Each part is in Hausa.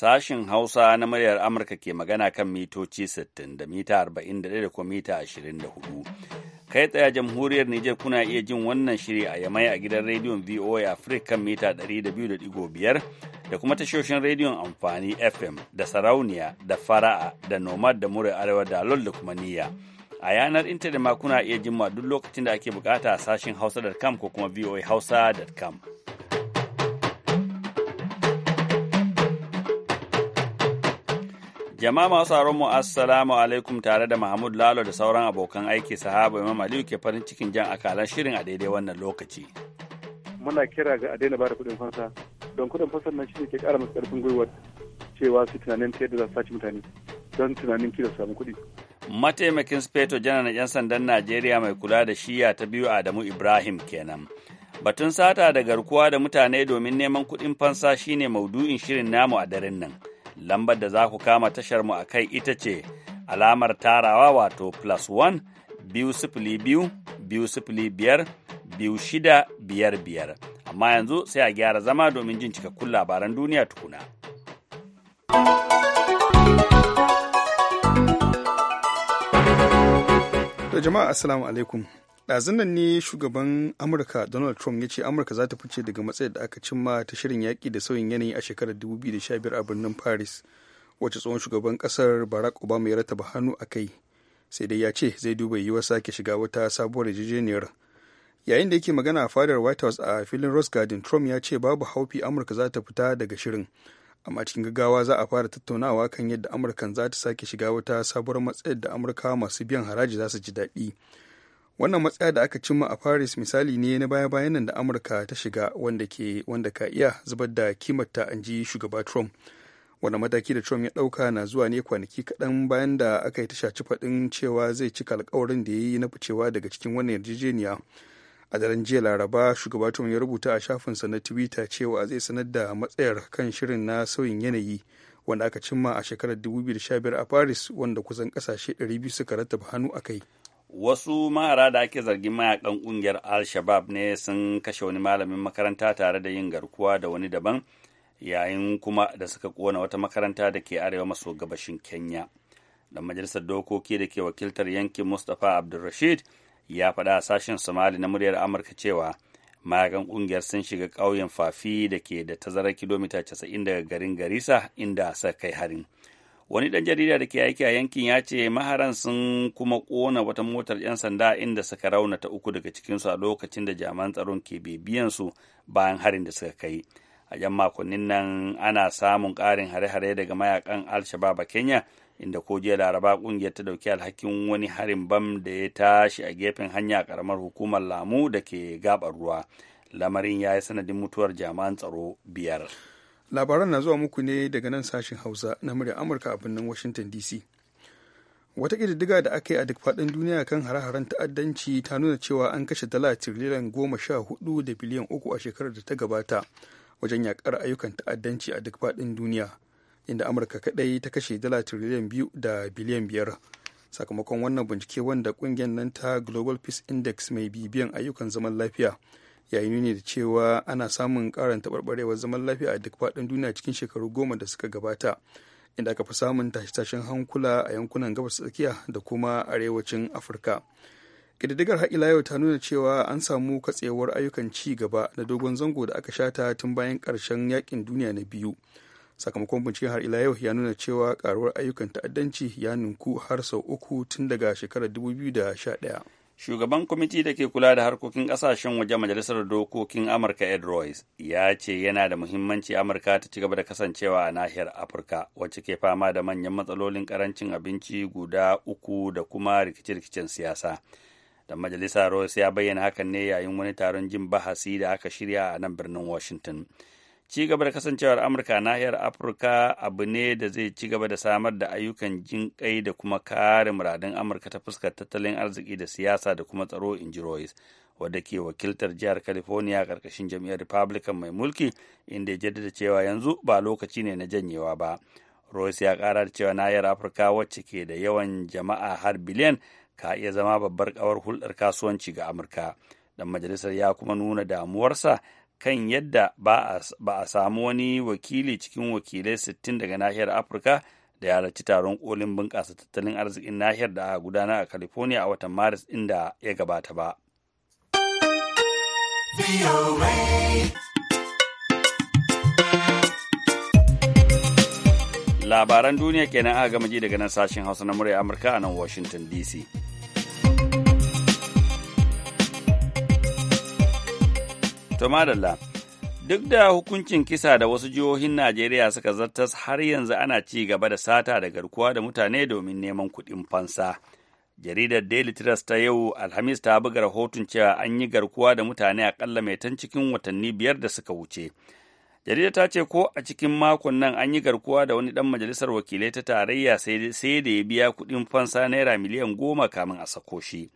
Sashin Hausa na muryar Amurka ke magana kan mitoci 60 da mita 41 da kuma mita 24. Kai tsaye jamhuriyar Nijar kuna iya jin wannan shiri a yamai a gidan rediyon VOA Africa kan mita 200.5 da kuma tashoshin rediyon amfani FM da sarauniya da fara'a da nomad da murar arewa da lol da kuma niyya. A yanar intanet ma kuna iya jin ma duk lokacin da ake bukata a sashin hausa.com ko kuma voahausa.com. Jama'a masu mu assalamu alaikum tare da Mahmud Lalo da sauran abokan aiki sahaba Imam Aliyu ke farin cikin jan akalan shirin a daidai wannan lokaci. Muna kira ga a daina bada kuɗin fansa don kuɗin fansa nan shine ke ƙara masu ƙarfin gwiwa cewa su tunanin ta yadda za su sace mutane don tunanin kila su samu kuɗi. Mataimakin Speto janar na 'yan sandan Najeriya mai kula da shiya ta biyu Adamu Ibrahim kenan. Batun sata da garkuwa da mutane domin neman kuɗin fansa shine maudu'in shirin namu a daren nan. lambar da za ku kama tashar mu a kai ita ce alamar tarawa wato plus one biyu sifili biyu biyu sifili biyar biyu shida biyar biyar amma yanzu sai a gyara zama domin jin cikakkun labaran duniya tukuna. To jama'a assalamu alaikum ɗazun ne shugaban amurka donald trump ya ce amurka za ta fice daga matsayar da aka cimma ta shirin yaƙi da sauyin yanayi a shekarar 2015 a birnin paris wacce tsohon shugaban ƙasar barack obama ya rataba hannu a kai sai dai ya ce zai duba yiwuwar sake shiga wata sabuwar yarjejeniyar yayin da yake magana a fadar white house a filin rose garden trump ya ce babu haufi amurka za ta fita daga shirin amma cikin gaggawa za a fara tattaunawa kan yadda amurkan za ta sake shiga wata sabuwar matsayar da amurka masu biyan haraji za su ji daɗi wannan matsaya da aka cimma a paris misali ne na baya-bayan nan da amurka ta shiga wanda ke wanda ka iya zubar da kimarta an ji shugaba trump wanda mataki da trump ya dauka na zuwa ne kwanaki kaɗan bayan da aka yi ta shaci faɗin cewa zai cika alkawarin da ya yi na ficewa daga cikin wannan yarjejeniya a daren jiya laraba shugaba trump ya rubuta a shafinsa na twitter cewa zai sanar da matsayar kan shirin na sauyin yanayi wanda aka cimma a shekarar 2015 a paris wanda kusan kasashe 200 suka rattaba hannu a kai wasu mahara da ake zargin mayakan ƙungiyar al-shabab ne sun kashe wani malamin makaranta tare da yin garkuwa da wani daban yayin kuma da suka kona wata makaranta da ke arewa maso gabashin kenya dan majalisar dokoki da ke wakiltar yankin mustapha abdulrashid ya faɗa a sashen somali na muryar amurka cewa mayakan ƙungiyar sun shiga ƙauyen fafi da ke da tazarar kilomita 90 daga garin Garissa, inda suka kai harin wani ɗan jarida da ke aiki a yankin ya ce maharan sun kuma ƙona wata motar 'yan sanda inda suka raunata uku daga cikinsu a lokacin da jaman tsaron ke bibiyan su bayan harin da suka kai a yan makonnin nan ana samun ƙarin hare-hare daga mayakan al a kenya inda ko jiya laraba ƙungiyar ta dauki alhakin wani harin bam da ya tashi a gefen hanya karamar hukumar lamu da ke gabar ruwa lamarin ya yi sanadin mutuwar jaman tsaro biyar labaran na zuwa muku ne daga nan sashen hausa na murya amurka a birnin washington dc wata ƙididdiga da aka yi a duk faɗin duniya kan hare-haren ta'addanci ta nuna cewa an kashe dala tiriliyan goma sha hudu da biliyan uku a shekarar da ta gabata wajen yakar ayyukan ta'addanci a duk faɗin duniya inda amurka kaɗai ta kashe dala tiriliyan biyu da biliyan biyar sakamakon wannan bincike wanda ƙungiyar nan ta global peace index mai bibiyan ayyukan zaman lafiya yayi nuni da cewa ana samun karanta barbarewar zaman lafiya a duk faɗin duniya cikin shekaru goma da suka gabata inda aka fi samun tashe-tashen hankula a yankunan gabas tsakiya da kuma arewacin afirka ƙididdigar haƙila yau ta nuna cewa an samu katsewar ayyukan ci gaba na dogon zango da aka shata tun bayan ƙarshen yakin duniya na biyu sakamakon binciken har ila yau ya nuna cewa karuwar ayyukan ta'addanci ya ninku har sau uku tun daga shekarar 2011 shugaban kwamiti da ke kula da harkokin kasashen waje majalisar dokokin amurka ed royce ya ce yana da muhimmanci amurka ta ci gaba da kasancewa a nahiyar afirka wacce ke fama da manyan matsalolin karancin abinci guda uku da kuma rikice-rikicen siyasa da majalisa royce ya bayyana hakan ne yayin wani taron jin bahasi da aka shirya a nan birnin washington ci gaba da kasancewar amurka nahiyar afirka abu ne da zai ci gaba da samar da ayyukan jin kai da kuma kare muradun amurka ta fuskar tattalin arziki da siyasa da kuma tsaro in ji royce wadda ke wakiltar jihar california karkashin jam'iyyar republican mai mulki inda ya jaddada cewa yanzu ba lokaci ne na janyewa ba royce ya kara da cewa nahiyar afirka wacce ke da yawan jama'a har biliyan ka iya zama babbar kawar hulɗar kasuwanci ga amurka dan majalisar ya kuma nuna damuwarsa kan yadda ba a samu wani wakili cikin wakilai 60 daga nahiyar afirka da ya halarci taron kolin bunƙasa tattalin arzikin nahiyar da aka gudana a california a watan maris inda ya gabata ba labaran duniya kenan aka gama ji daga nan sashen hausa na murya amurka a nan washington dc To madalla. Duk da hukuncin kisa da wasu jihohin Najeriya suka zartas har yanzu ana ci gaba da sata da garkuwa da mutane domin neman kuɗin fansa. Jaridar Daily Trust ta yau Alhamis ta buga rahoton cewa an yi garkuwa da mutane aƙalla mai tan cikin watanni biyar da suka wuce. Jaridar ta ce ko a cikin makon nan an yi garkuwa da wani ɗan majalisar wakilai ta tarayya sai da ya biya kuɗin fansa naira miliyan goma kamin a sako shi.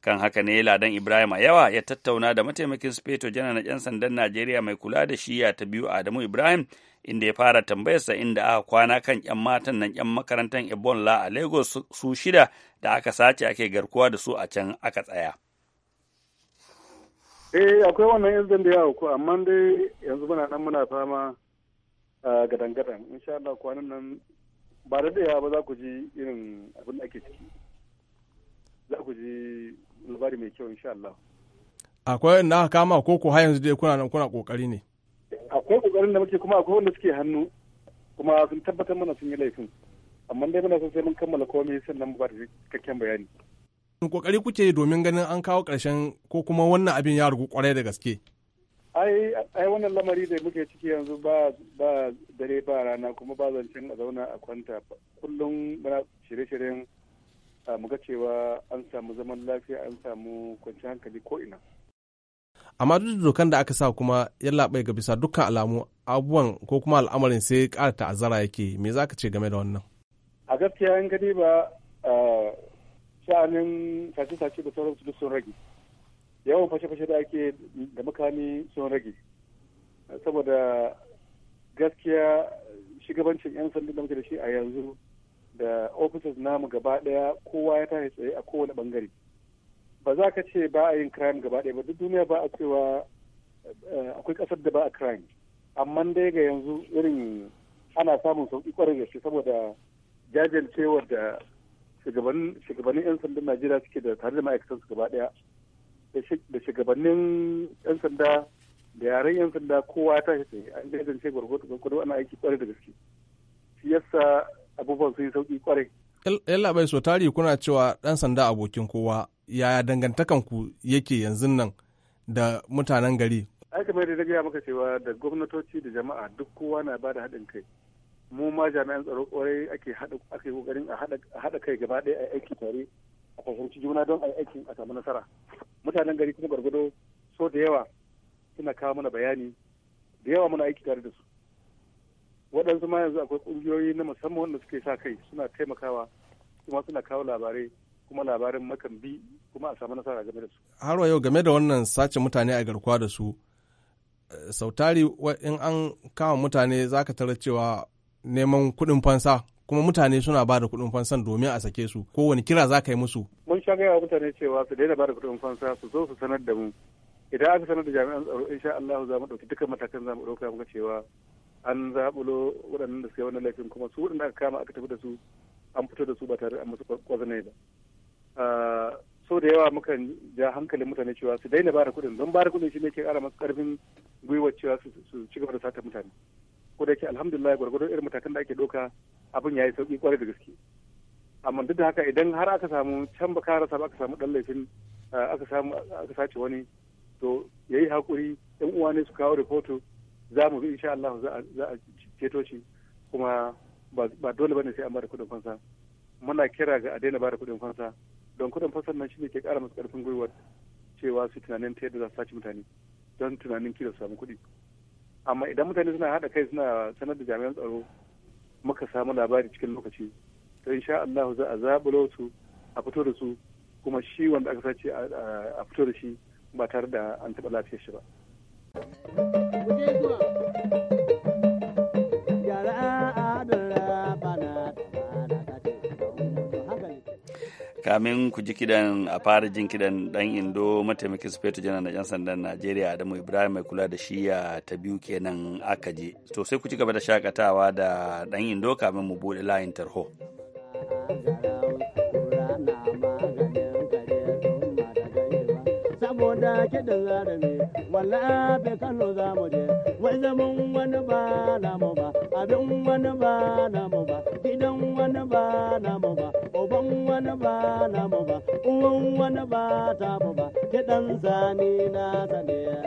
kan haka ne ladan ibrahim a yawa ya tattauna da mataimakin speto janar na 'yan sandan najeriya mai kula da shiya ta biyu adamu ibrahim inda ya fara tambayar sa inda aka kwana kan 'yan matan nan 'yan makarantar ebola a lagos su shida da aka sace ake garkuwa da su a can aka tsaya eh akwai wannan yanzan da ya hauku amma dai yanzu muna nan muna fama ah, gadan-gadan insha Allah kwanan nan ba da ba za ku ji irin abin da ake ciki za ku ji labari mai kyau insha Allah akwai wanda aka kama ko ko har yanzu dai kuna nan kuna kokari ne akwai kokarin da muke kuma akwai wanda suke hannu kuma sun tabbatar mana sun yi laifin amma dai muna son sai mun kammala komai sannan mu ba da cikakken bayani kokari kuke domin ganin an kawo karshen ko kuma wannan abin ya rugu kwarai da gaske ai ai wannan lamari da muke ciki yanzu ba ba dare ba rana kuma ba zancen a zauna a kwanta kullum muna shirye-shiryen mu ga cewa an samu zaman lafiya an samu kwanciyar hankali ko ina amma duk da dokan da aka sa kuma ya labai ga bisa dukkan alamu abubuwan ko kuma al'amarin sai ƙara ta'azzara yake me za ka ce game da wannan a gaskiya in gani ba sha'anin sace-sace da sauransu duk sun rage yawan fashe-fashe da ake da makami sun rage saboda gaskiya shugabancin 'yan sanda da muke da shi a yanzu da officers namu gaba daya kowa ya tashi tsaye a kowane bangare ba za ka ce ba a yin crime gaba daya ba duk duniya ba a cewa eh, akwai kasar da ba a crime amma dai ga yanzu irin ana samun sauki kwarai shi saboda jajircewar da shugabannin 'yan sandan najeriya suke da tare da ma'aikatan su gaba daya da shugabannin 'yan sanda da yaren 'yan sanda kowa ta shi an jajirce gwargwado ana aiki kwarai da gaske shi yasa abubuwan su yi sauki kwarai. Yalla bai so tari kuna cewa ɗan sanda abokin kowa yaya dangantakan ku yake yanzu nan da mutanen gari. Ai mai da gaya maka cewa da gwamnatoci da jama'a duk kowa na ba da haɗin kai. Mu ma jami'an tsaro kwarai ake haɗa ake kokarin a haɗa kai gaba ɗaya a aiki tare a fahimci juna don a yi aikin a samu nasara. Mutanen gari kuma gwargwado so da yawa suna kawo mana bayani da yawa muna aiki tare da su. waɗansu ma yanzu akwai ƙungiyoyi na musamman wanda suke sa kai suna taimakawa kuma suna kawo labarai kuma labarin makan bi kuma a samu nasara game da su. Har wa yau game da wannan sace mutane a garkuwa da su sautari in an kama mutane za ka tarar cewa neman kuɗin fansa kuma mutane suna ba da kuɗin fansan domin a sake su ko wani kira za ka yi musu. Mun sha gaya mutane cewa su daina ba da kuɗin fansa su zo su sanar da mu idan aka sanar da jami'an tsaro insha Allah za mu ɗauki dukkan matakan za mu ɗauka muka cewa an zaɓulo waɗannan da suka yi laifin kuma su waɗanda aka kama aka tafi da su an fito da su ba tare an musu kwazane ba ah, so da yawa mukan ja hankalin mutane cewa su daina bada kuɗin don bada kuɗin shi ne ke ƙara masu ƙarfin gwiwar cewa su ci gaba da sata mutane ko da yake alhamdulillah gwargwadon irin matakan da ake ɗauka abin ya yi sauƙi ƙwarai da gaske amma duk da haka idan har aka samu can ba kara samu aka samu ɗan laifin ah, aka samu aka sace wani to ya yi haƙuri yan uwa ne su kawo rahoto za mu bi insha Allah za a ceto shi kuma ba dole bane sai an bada kudin fansa muna kira ga a daina bada kuɗin fansa don kuɗin fansa nan shine ke kara masu ƙarfin gwiwa cewa su tunanin ta yadda za su sace mutane don tunanin kila su samu kuɗi amma idan mutane suna haɗa kai suna sanar da jami'an tsaro muka samu labari cikin lokaci to insha Allah za a zabulo su a fito da su kuma shi wanda aka sace a fito da shi ba tare da an taɓa lafiyar shi ba. kamin ku ji kidan a fara jin kidan dan indo mataimakin sufeto janar na 'yan sandan najeriya adamu ibrahim mai kula da shiya ta biyu kenan aka je to sai ku ci gaba da shakatawa da dan indo kamin mu buɗe layin tarho saboda kiɗin arabe walla bai kano za mu je wai zaman wani ba ba abin wani ba namu ba gidan wani ba namu ba wani ba namu ba uwan wani ba tamu ɗan zane na zane.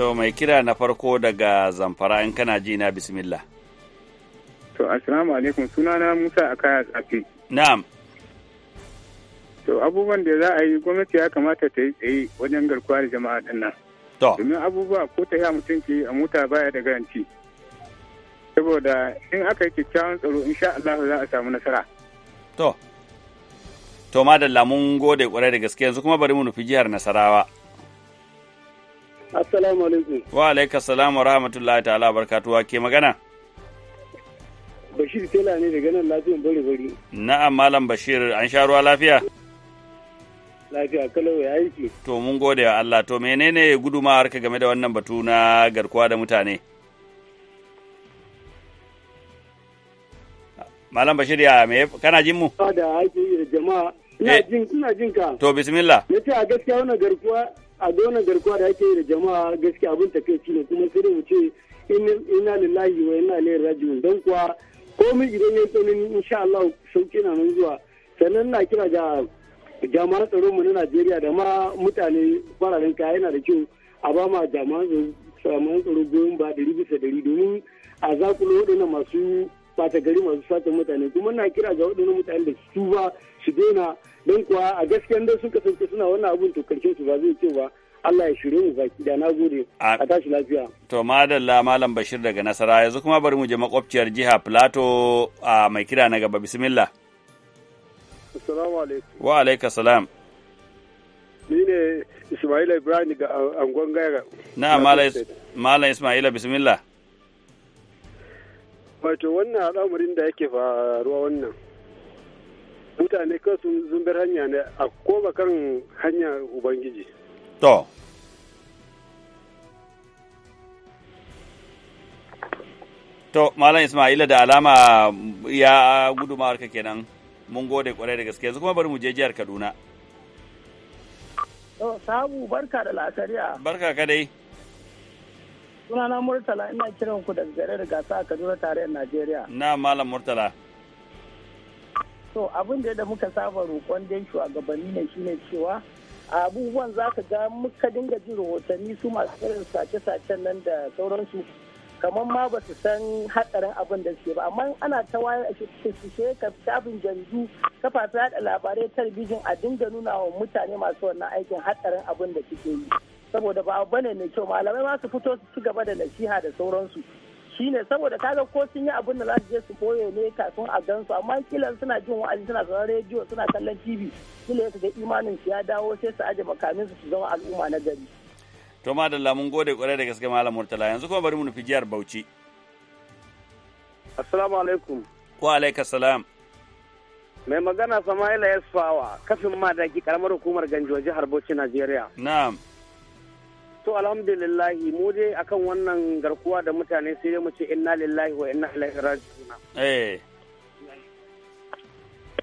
to mai kira na farko daga zamfara in kana ji na bismillah to assalamu alaikum sunana musa a kaya tsafi na'am to abubuwan da za a yi gwamnati ya kamata ta yi tsaye wajen garkuwa da jama'a din nan domin abubuwa ko ta ya mutum ke a mota baya da garanti saboda in aka yi kyakkyawan tsaro insha Allah za a samu nasara to to madalla mun gode kwarai da gaske yanzu kuma bari mu nufi jihar Nasarawa Assalamu alaikum. Wa alaika salam wa rahmatullahi ta'ala barkatuwa ke magana. Bashir Tela ne daga nan lafiyan bari bari. Na'am Malam Bashir an sha ruwa lafiya? Lafiya kalau ya aiki. To mun gode wa Allah to menene gudumawar ka game da wannan batu na garkuwa da mutane? Malam Bashir ya me kana jin mu? Da aiki da jama'a ina eh. jin ina jin ka. To bismillah. Yace a gaskiya wannan garkuwa a donar garkuwa da ake yi da jama'a gaskiya abin takaici ne kuma sai dai mu ce ina lillahi wa ina ilaihi raji'un don kuwa komai idan ya ni insha Allah sauki na nan zuwa sannan na kira ga jami'an tsaron mu na Najeriya da ma mutane fararen kaya yana da kyau a ba ma jami'an tsaro goyon ba ribisa bisa dari domin a zakulo waɗannan masu bata gari masu satan mutane kuma na kira ga waɗannan mutane da su ba su daina don kuwa a gaskiyan da suka sauke suna wannan abin to karshen su ba zai ce ba Allah ya shirye mu baki da na gode a tashi lafiya to madalla malam bashir daga nasara yanzu kuma bari mu je makwabciyar jiha plato a mai kira na gaba bismillah assalamu alaikum wa alaika salam ni ne ismaila ibrahim ga angon gaira na malam ismaila bismillah wato wannan al'amarin da yake faruwa wannan mutane kan sun bar hanya ne a koma kan hanya ubangiji to to malam ismaila da alama ya gudumawar ka kenan mun gode kwarai da gaske yanzu kuma bari mu je jihar kaduna to sabu barka da lasariya barka ka sunana murtala ina kiran ku daga garin gasa a kaduna tarayyar najeriya na malam murtala so abin da muka saba roƙon dai shugabanni ne shine cewa abubuwan za ka ga muka dinga jin rahotanni su masu irin sace-sacen nan da sauransu kamar ma ba su san hatsarin abin da suke ba amma ana ta wayar a shishe ka shafin kafa ta yada labarai talabijin a dinga nuna wa mutane masu wannan aikin hatsarin abin da suke yi saboda ba abu ne mai kyau malamai ma su fito su ci gaba da nasiha da sauransu shine saboda kaga ko sun yi abin da za su je su koyo ne kafin a gan su amma kila suna jin wa'azi suna kallon rediyo suna kallon tv kila su ga imanin su ya dawo sai su aje makamin su su zama al'umma na gari to madalla mun gode kwarai da gaske malam murtala yanzu kuma bari mu nufi jihar bauchi assalamu alaikum wa alaikum salam mai magana sama'ila yasfawa kafin ma da karamar hukumar ganjo jihar bauchi najeriya na'am to alhamdulillahi mu dai akan wannan garkuwa da mutane sai dai mu ce inna lillahi wa inna ilaihi raji'un eh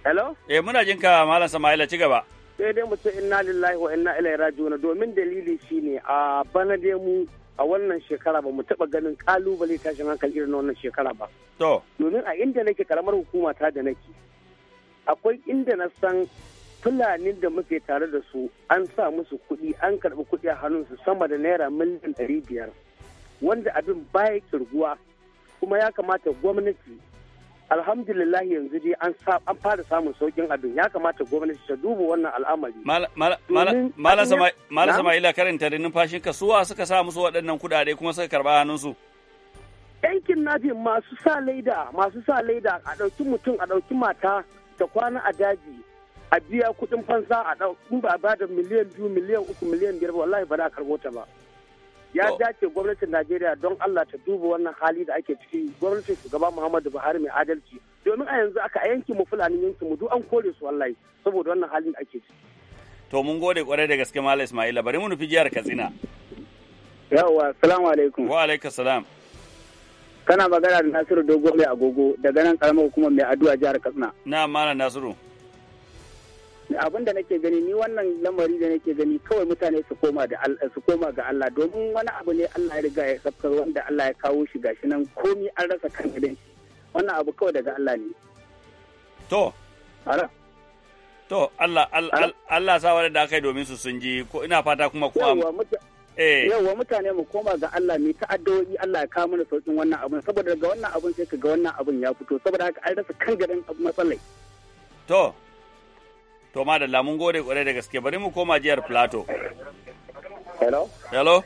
hello eh muna jin ka malam sama'ila ci gaba sai dai mu ce inna lillahi wa inna ilaihi raji'un domin dalili shine a bana dai mu a wannan shekara ba mu taba ganin kalubale tashin hankali irin wannan shekara ba to domin a inda nake karamar hukuma ta da nake akwai inda na san fulani da muke tare da su an sa musu kuɗi an karɓi kuɗi a hannunsu sama da naira miliyan ɗari biyar wanda abin baya kirguwa kuma ya kamata gwamnati alhamdulillah yanzu dai an an fara samun saukin abin ya kamata gwamnati ta duba wannan al'amari mala sama'ila karanta da numfashin ka suwa suka sa musu waɗannan kuɗaɗe kuma suka karɓa hannunsu yankin nafi masu sa laida masu sa laida a ɗauki mutum a ɗauki mata ta kwana a daji a biya kudin fansa a ɗau in ba a bada miliyan biyu miliyan uku miliyan biyar ba wallahi ba na karɓo ta ba ya dace gwamnatin najeriya don allah ta duba wannan hali da ake ciki gwamnatin shugaba muhammadu buhari mai adalci domin a yanzu aka a mu fulani yanki mu duk an kore su wallahi saboda wannan halin da ake ciki to mun gode kwarai da gaske malam ismaila bari mu nufi jihar katsina yawwa assalamu alaikum wa alaikum salam kana magana da nasiru dogo mai agogo daga nan karamar hukumar mai addu'a jihar katsina na malam nasiru abin da nake gani ni wannan lamari da nake gani kawai mutane su koma da su koma ga Allah domin wani abu ne Allah ya riga ya tsaftar wanda Allah ya kawo shi gashi nan komi an rasa kan gidan shi wannan abu kawai daga Allah ne to ara to Allah Allah sa wani da kai domin su sun ji ko ina fata kuma ko eh. yauwa mutane mu koma ga Allah mai ta'addo'i Allah ya kawo mana sauƙin wannan abun saboda daga wannan abun sai ka ga wannan abun ya fito saboda haka an rasa kan abu matsalai to To ma da lamun gode kwarai da gaske bari mu koma jihar plato Hello? Hello?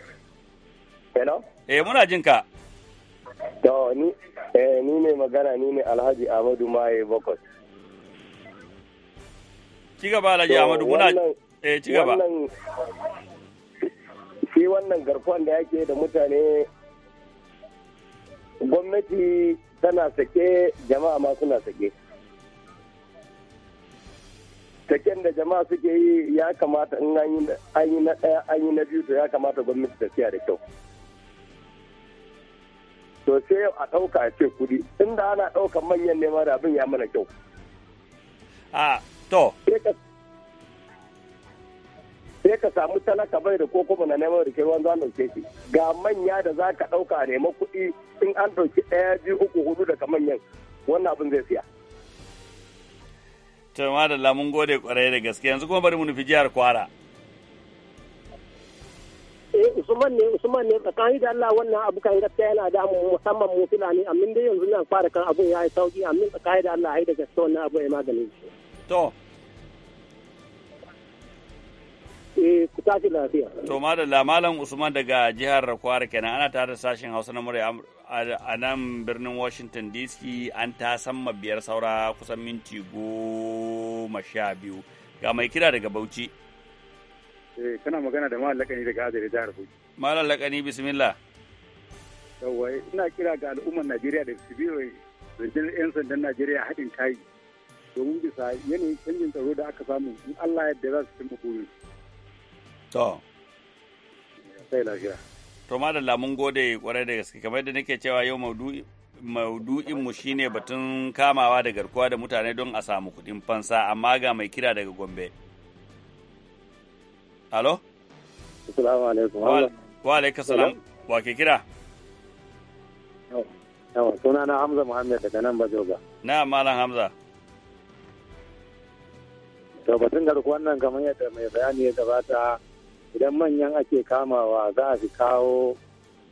Hello? Eh muna jin ka. To ni eh ni ne magana ni ne Alhaji Ahmadu Maye Bokos. Ci gaba Alhaji Ahmadu muna eh ci gaba. Shi wannan garkon da yake da mutane gwamnati tana sake jama'a ma suna sake. taken da jama'a suke yi ya kamata in an yi na ɗaya an yi na biyu to ya kamata gwamnati ta siya da kyau to sai a ɗauka a ce kuɗi inda ana ɗaukan manyan neman da abin ya mana kyau a to sai ka samu talaka bai da ko kuma na neman rike ruwan zuwa ɗauke shi ga manya da za ka ɗauka a nema kuɗi in an ɗauki ɗaya biyu uku hudu daga manyan wannan abin zai siya Tama da mun gode kwarai da gaske yanzu kuma bari mu nufi jihar Kwara. Eh Usman ne Usman ne tsakani da Allah wannan abu kan gaskiya yana da mu musamman mu Fulani amma dai yanzu nan fara kan abun ya yi sauki amma tsakani da Allah ai da gaske wannan abu ya magani. To Eh, ku tashi lafiya. To, madalla, Malam Usman daga jihar Kwara kenan ana tare da sashen Hausa na murya a nan birnin Washington DC an ta samma biyar saura kusan minti goma sha biyu. Ga mai kira daga Bauchi. Eh, kana magana da Malam Lakani daga Azare jihar Bauchi. Malam Lakani, bismillah. Yawwa, ina kira ga al'ummar Najeriya da su biyo rundunar 'yan sandan Najeriya haɗin kayi domin bisa yanayin canjin tsaro da aka samu in Allah yadda za su cimma burinsu. To. Sai lafiya. To madalla mun gode kwarai da gaske kamar da nake cewa yau maudu'in mu shine batun kamawa da garkuwa da mutane don a samu kuɗin fansa amma ga mai kira daga Gombe. Alo? Assalamu alaikum. Wa alaikum salam. Wa ke kira? Yawa, suna na Hamza Muhammad daga nan Bajoga. Na Malam Hamza. To batun garkuwan nan kamar yadda mai bayani ya gabata idan manyan ake kamawa za a fi kawo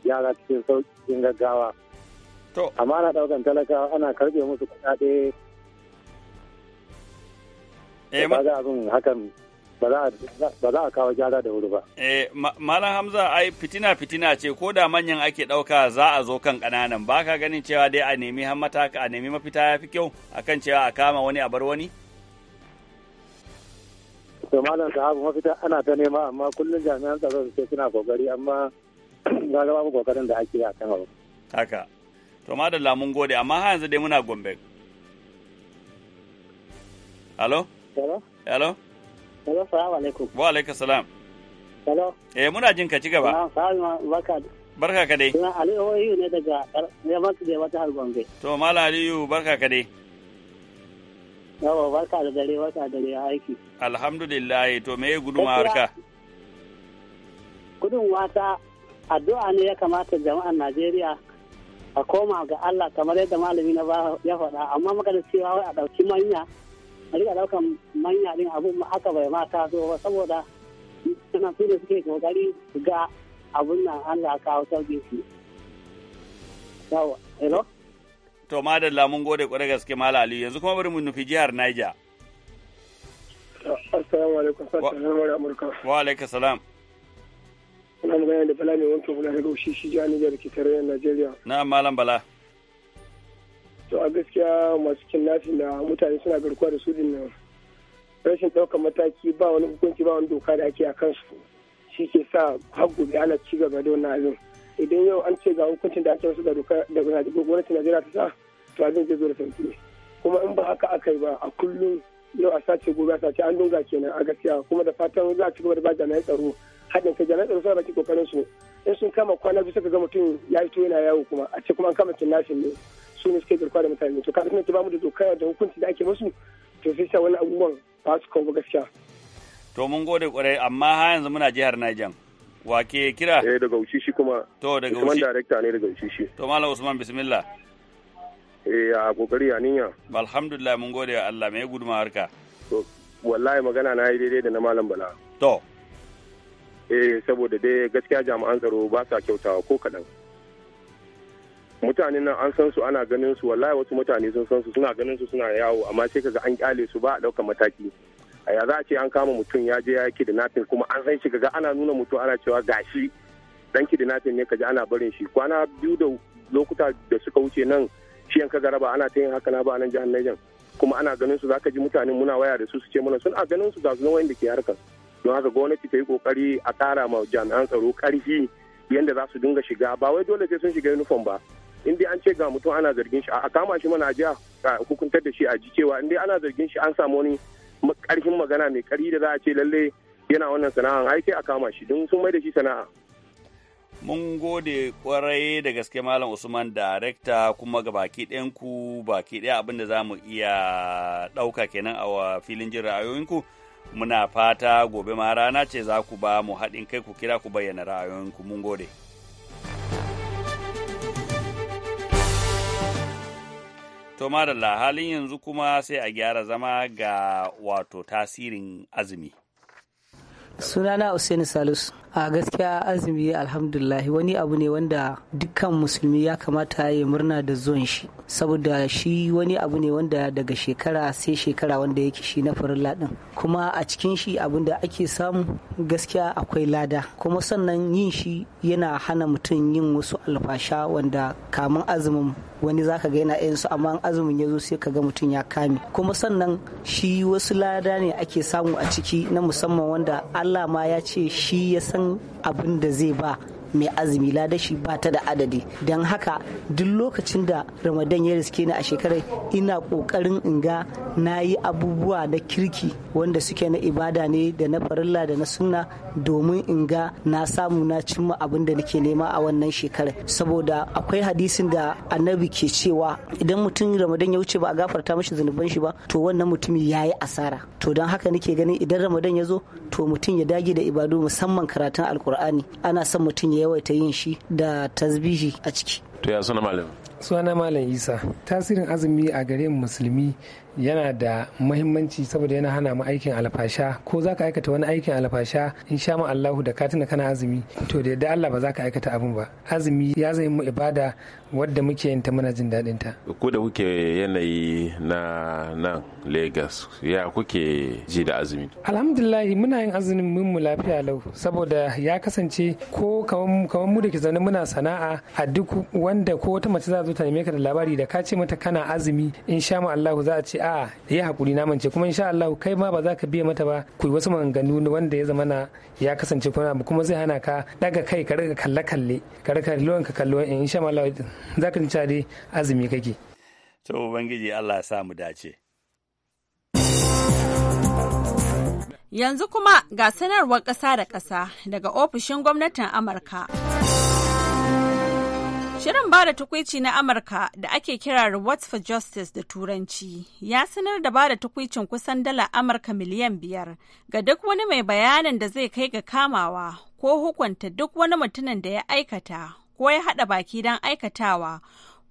yara cikin sauƙin gaggawa amma ana ɗaukan talakawa ana karɓe musu kuɗaɗe eh, ba za abin hakan ba za a kawo gyara da wuri ba. Eh, Malam Hamza, ai fitina fitina ce ko da manyan ake ɗauka za a zo kan ƙananan ba ka ganin cewa dai a nemi hammata a nemi mafita ya fi kyau akan cewa a kama wani a bar wani? to malam sahabu mafita ana ta nema amma kullum jami'an tsaro su suna kokari amma ga babu kokarin da ake a kan abu haka to madalla mun gode amma har yanzu dai muna gombe alo alo alo alo salamu alaikum wa alaikum salam alo eh muna jin ka ci gaba baka barka ka dai aliyu ne daga yamma da wata har gombe to malam aliyu barka ka dai Yawa barka da dare barka da dare aiki. Alhamdulillah to me gudunmawar ka? Gudun wata addu'a ne ya kamata jama'an Najeriya a koma ga Allah kamar yadda malami na ya faɗa amma da cewa wai a ɗauki manya a riƙa ɗaukan manya ɗin abin haka bai ma zo ba saboda suna su da suke kokari ga abin nan Allah kawo sauƙi shi. Yawa, To madalla mun gode kwarai gaske Malam Aliyu yanzu kuma bari mu nufi jihar Niger. Assalamu alaikum sassan Amurka. Wa alaikum salam. Ina magana da Bala ne wanke hula daga Ushishi jihar Niger da ke tarayyar Najeriya. na Malam Bala. To a gaskiya masu kinnafin da mutane suna garkuwa da su dinnan. Rashin ɗaukar mataki ba wani hukunci ba wani doka da ake a kansu. Shi ke sa har gobe ana ci gaba da wannan abin. idan yau an ce ga hukuncin da ake wasu da doka da gwamnatin najeriya ta sa to abin zai zo da sauki kuma in ba haka aka yi ba a kullum yau a sace gobe a sace an dunga kenan a gaskiya kuma da fatan za a ci gaba da ba jami'an tsaro haɗin kai jami'an tsaro suna baki kokarin su in sun kama kwana biyu suka ga mutum ya fito yana yawo kuma a ce kuma an kama kinnashin ne su ne suke garkuwa da mutane to kafin ta mu da doka da hukunci da ake musu to sai sa wani abubuwan ba su kawo gaskiya. to mun gode kwarai amma ha yanzu muna jihar Niger. Wa ke kira? Eh daga Ushishi kuma. To daga Ushishi. Usman director ne daga Ushishi. To Mala Usman bismillah. Eh a kokari a niyya. Alhamdulillah mun gode wa Allah mai guduma harka. To wallahi magana na yi daidai da na Malam Bala. To. Eh saboda dai gaskiya jami'an tsaro ba sa kyautawa ko kaɗan. mutanen nan an san su ana ganin su wallahi wasu mutane sun san su suna ganin su suna yawo amma sai kaga an kyale su ba a ɗaukar mataki ya za a ce an kama mutum ya je ya yi kidnapping kuma an san shi kaga ana nuna mutum ana cewa gashi dan kidnapping ne kaji ana barin shi kwana biyu da lokuta da suka wuce nan shi yanka garaba ana ta yin haka na ba nan jihar Niger kuma ana ganin su zaka ji mutanen muna waya da su su ce mana sun a ganin su ga su da ke harkar don haka gwamnati ta yi kokari a kara ma jami'an tsaro karfi yanda za su dinga shiga ba wai dole sai sun shiga uniform ba in dai an ce ga mutum ana zargin shi a kama shi mana a hukuntar da shi a ji cewa in dai ana zargin shi an samu wani karfin magana mai kari da za a ce lalle yana wannan sana'a ai sai a kama shi don sun mai da shi sana'a mun gode kwarai da gaske malam usman darekta kuma ga baki ɗinku baki ɗaya abin da zamu iya ɗauka kenan a filin jin ra'ayoyinku muna fata gobe ma rana ce za ku ba mu haɗin kai ku kira ku bayyana ra'ayoyinku mun gode. To madalla halin yanzu kuma sai a gyara zama ga wato tasirin azumi. Sunana Usaini Salisu. a gaskiya azumi alhamdulillah wani abu ne wanda dukkan musulmi ya kamata ya murna da zuwan shi saboda shi wani abu ne wanda daga shekara sai shekara wanda yake shi na farin ladin kuma a cikin shi abin da ake samu gaskiya akwai lada kuma sannan yin shi yana hana mutum yin wasu alfasha wanda kamun azumin wani zaka ga yana yin su amma azumin ya zo sai ka ga mutum ya kame kuma sannan shi wasu lada ne ake samu a ciki na musamman wanda Allah ma ya ce shi ya san abin da zai ba mai azumi ladashi ba ta da adadi don haka duk lokacin da ramadan ya riske ni a shekarar ina kokarin in ga na yi abubuwa na kirki wanda suke na ibada ne da na farilla da na sunna domin in ga na samu na cimma abin da nake nema a wannan shekarar saboda akwai hadisin da annabi ke cewa idan mutum ramadan ya wuce ba a gafarta mashi zunuban shi ba to wannan mutumi ya yi asara to don haka nake ganin idan ramadan ya zo to mutum ya dage da ibadu musamman karatun alkur'ani ana son mutum ya yawaita yin shi da tasbihi a ciki to ya suna malam suna malam isa tasirin azumi a gare musulmi yana da muhimmanci saboda yana hana mu aikin alfasha ko za ka aikata wani aikin alfasha in sha ma Allahu da katina kana azumi to da yadda Allah ba za ka aikata abin ba azumi ya zai mu ibada wadda muke yin ta muna jin daɗin ta ko da kuke yanayi na nan Lagos ya kuke ji da azumi alhamdulillah muna yin azumin mun mu lafiya lau saboda ya kasance ko kamar mu da ke zaune muna sana'a a duk wanda ko wata mace za zo ta neme ka da labari da ka ce mata kana azumi in sha ma Allahu za a ce a ah, a'a ya hakuri na mance kuma insha Allah kai ma ba za ka biya mata ba ku wasu maganganu wanda ya zamana ya kasance kuna kuma zai hana ka daga kai ka riga kalle kalle ka riga luwan ka kallo in insha Allah za ka ji dai azumi kake to ubangiji Allah ya sa mu dace Yanzu kuma ga sanarwar ƙasa da ƙasa daga ofishin gwamnatin Amurka. Shirin ba da tukwici na Amurka da ake kira Rewards for Justice da Turanci ya sanar da ba da tukwicin kusan dala Amurka miliyan biyar ga duk wani mai bayanin da zai kai ga kamawa ko hukunta duk wani mutumin da ya aikata ko ya haɗa baki don aikatawa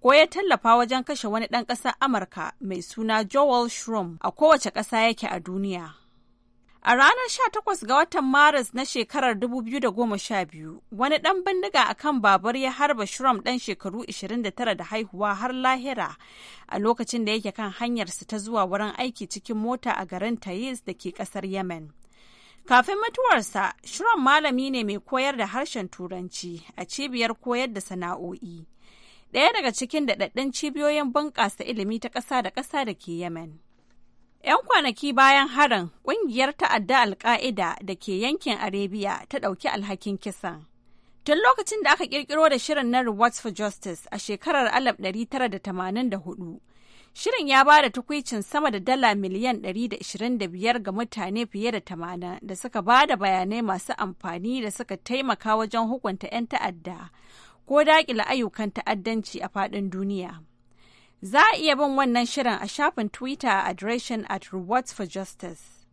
ko ya tallafa wajen kashe wani ɗan ƙasar Amurka mai suna Joel Shrum a kowace ƙasa yake a duniya. A ranar 18 ga watan Maris na shekarar 2012, wani ɗan bindiga a kan babur ya harba shuram ɗan shekaru 29 da haihuwa har lahira a lokacin da yake kan hanyarsa ta zuwa wurin aiki cikin mota a garin Tayis da ke ƙasar Yemen. Kafin mutuwarsa, shuram malami ne mai koyar da harshen Turanci a cibiyar koyar da sana'o'i. Ɗaya daga cikin daɗaɗɗen cibiyoyin bunƙasa ilimi ta ƙasa da ƙasa da ke Yemen. 'Yan kwanaki bayan harin, ƙungiyar ta'adda Alƙa'ida da ke yankin Arabia ta ɗauki alhakin kisan. Tun lokacin da aka ƙirƙiro da shirin na Rewards for Justice a shekarar 1984, shirin ya ba da tukwicin sama da dala miliyan 125 ga mutane fiye da 80 da suka ba da bayanai masu amfani da suka taimaka wajen hukunta 'yan ta'adda ko daƙila ayyukan ta'addanci a faɗin duniya. Za a iya bin wannan shirin a shafin Twitter a adireshin at Rewards for Justice.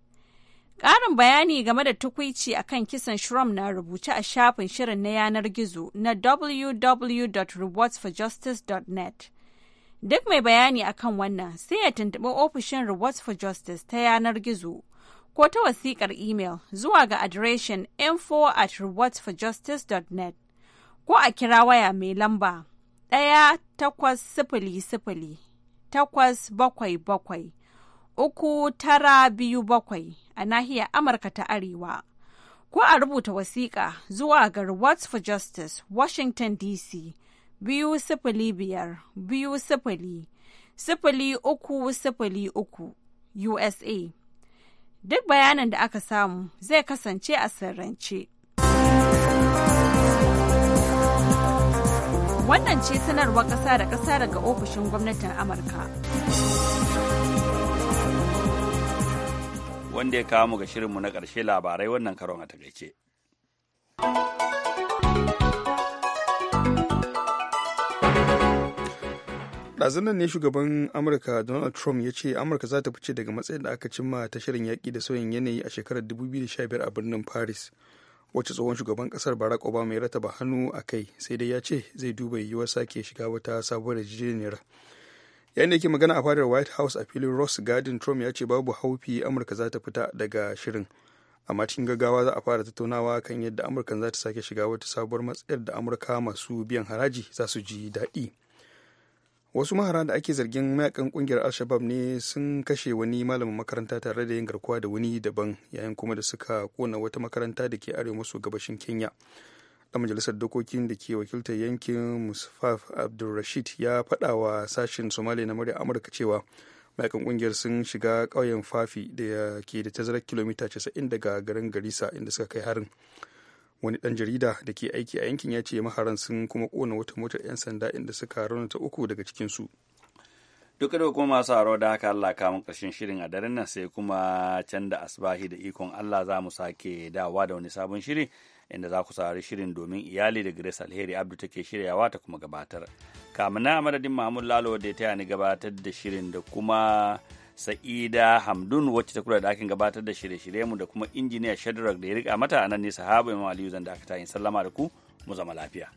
Ƙarin bayani game da tukwici a kan kisan Shrum na rubuce a shafin shirin na yanar gizo na www.rewardsforjustice.net. Duk mai bayani a kan wannan sai ya tuntuɓi ofishin Rewards for Justice ta yanar gizo ko ta wasiƙar imel zuwa ga adireshin info at rewardsforjustice.net ko a kira waya mai lamba ɗaya takwas sifili sifili takwas bakwai bakwai uku tara biyu bakwai a nahiyar Amurka ta Arewa. Ko a rubuta wasiƙa zuwa ga Rewards for Justice, Washington DC, biyu sifili biyar, biyu sifili, sifili uku sifili uku, USA. Duk bayanin da aka samu zai kasance a sirrance. Wannan ce sanarwar ƙasa da ƙasa daga ofishin gwamnatin Amurka. Wanda ya kawo mu ga shirinmu na ƙarshe labarai wannan karon a takaice. ɗazunan ne shugaban amurka donald trump ya ce amurka za ta fice daga matsayin da aka cimma ta shirin yaƙi da sauyin yanayi a shekarar 2015 a birnin paris wacce tsohon shugaban kasar barack obama ya rataba hannu a kai sai dai ya ce zai duba yiwuwar sake shiga wata sabuwar yarjejeniyar yayin da yake magana a fadar white house a filin ross garden trump ya ce babu haufi amurka za ta fita daga shirin amma cikin gaggawa za a fara tattaunawa kan yadda amurka za ta sake shiga wata sabuwar matsayar da amurka masu biyan haraji za su ji daɗi. wasu mahara da ake zargin mayakan kungiyar al-shabab ne sun kashe wani malamin makaranta tare da yin garkuwa da wani daban yayin kuma da suka kona wata makaranta da ke arewa maso gabashin kenya dan majalisar dokokin da ke wakiltar yankin musfaf abdulrashid ya faɗa wa sashen somali na murya amurka cewa mayakan kungiyar sun shiga ƙauyen fafi da ke da tazarar kilomita 90 daga garin garisa inda suka kai harin wani dan jarida da ke aiki a yankin ya ce maharan sun kuma kona wata motar 'yan sanda inda suka raunata uku daga cikinsu duka da kuma masu haro da haka Allah kamun karshen shirin a daren nan sai kuma can da asbahi da ikon Allah za mu sake dawa da wani sabon shiri inda za ku saurari shirin domin iyali da Grace Alheri Abdu take shiryawa ta kuma gabatar. Kamuna madadin Mahmud Lalo da ya taya ni gabatar da shirin da kuma Sa'ida Hamdun wacce ta kula da ɗakin gabatar da shirye shiryenmu da kuma injiniya Shadrack da ya rika mata a nan ne sahabu Imam Aliyu zan da aka sallama da ku mu zama lafiya.